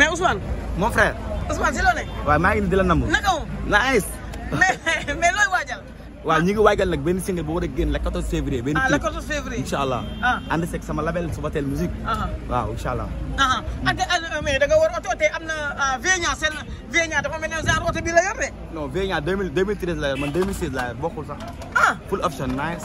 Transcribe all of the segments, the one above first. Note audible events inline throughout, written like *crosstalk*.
mais Ousmane. mon frère. Ousmane si loo ne. waaw maa ngi nii di la namm. naka moom nice. mais mais looy waajal. waaw ñu waajal nag benn single boo war a génn le 14 février. benn ah le 14 février ah. label Subatel musique. Ah, ah. waaw incha allah. ah te mais da nga war oto te am na Vénia seen Vénia dafa mel ne genre oto bi la yor de. non Vénia 2000 2013 la yor man full option nice.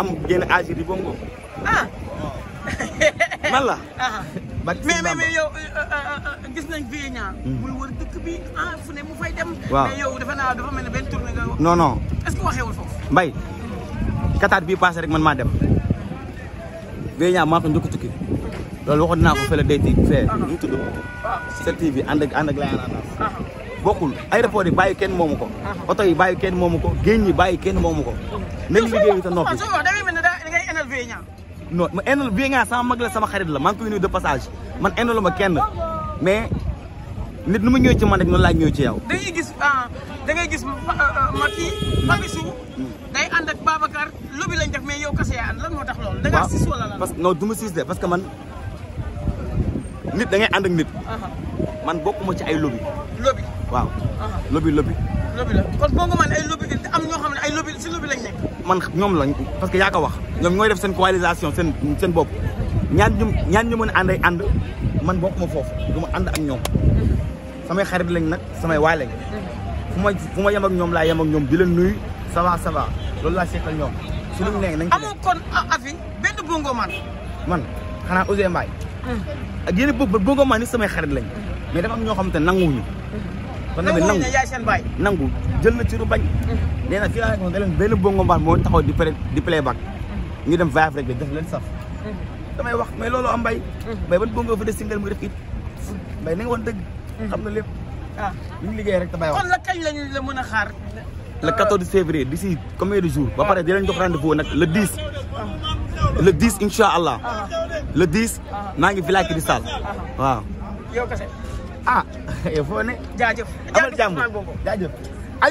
am génn âge di bongo. ah. *laughs* man la. Ah. mais euh, euh, euh, gis nañ vie ñaar. muy wër dëkk bi ah fu ne mu fay dem. waaw mais yow dafa naa dafa mel benn tournée nga. non non est-ce que waxeewul mbay kataat bii passé rek man maa dem. vie maa ko njëkk tukki. loolu waxoon naa ko fële day tiit fee. Ah. mu tudd. waaw ah. CTV ànd ak ànd ak laa bokkul aéroport yi baye kenn momuko auto yi baye kenn momuko geñ yi baye kenn momuko ko nañ liggéey ta nopi no ma enal bi nga sama magla sama xarit la man ngi koy nuyu de passage man enalu kenn mais nit numu ñew ci man rek noonu la ñew ci yow ngay gis ah, da ngay gis Macky ah, ah, Marichou hmm. day and ak babakar lobi lañ def mais yow kasse ya and lan moo tax loolu da nga sis wala lan parce que non duma sis de parce que man nit da ngay and ak nit uh-huh. man bokkuma ci ay lobby. lobby waaw. lobby lobby. lobby la kon boo ko mën ay lobby am ñoo xam ne ay lobby si lobby lañ nekk. man ñoom lañ parce que yaa ko wax. ñoom ñooy def seen coalisation seen seen bopp ñaan ñu ñaan ñu mën a ànd ay ànd man bokkuma foofu du ma ànd ak ñoom. samay xarit lañ nag samay waay lañ. fu ma fu ma yem ak ñoom laa yem ak ñoom di leen nuyu ça va ça va loolu laa seqal ñoom. su lu mu nee nañ amoo kon ah, afi benn bongo man. man xanaa Ousseyn Mbaye. ak ah, yene bu bu nga man sama xarit lañ mais dafa am ño xamantene nanguñu kon na nangu ya seen bay nangu jël na ci ru bañ mm-hmm. neena fi ay ko dalen ben bongo mbar mo taxaw di di playback mm-hmm. ñu dem vibe rek def leen saf mm-hmm. damay wax mais lolu am bay bay ban bongo fa de single mu def it bay na nga won deug xam na lepp ah ñu liggéey rek damay wax kon la kañ lañu la mëna xaar le 14 février d'ici combien de jours ba paré di leen jox rendez-vous nak le 10 ah. le 10 inshallah ah. le 10. maa ngi village Cristal. waaw. yow kese. ah il *laughs* faut ne. jaajëf jaajëf amal jàmm jaajëf.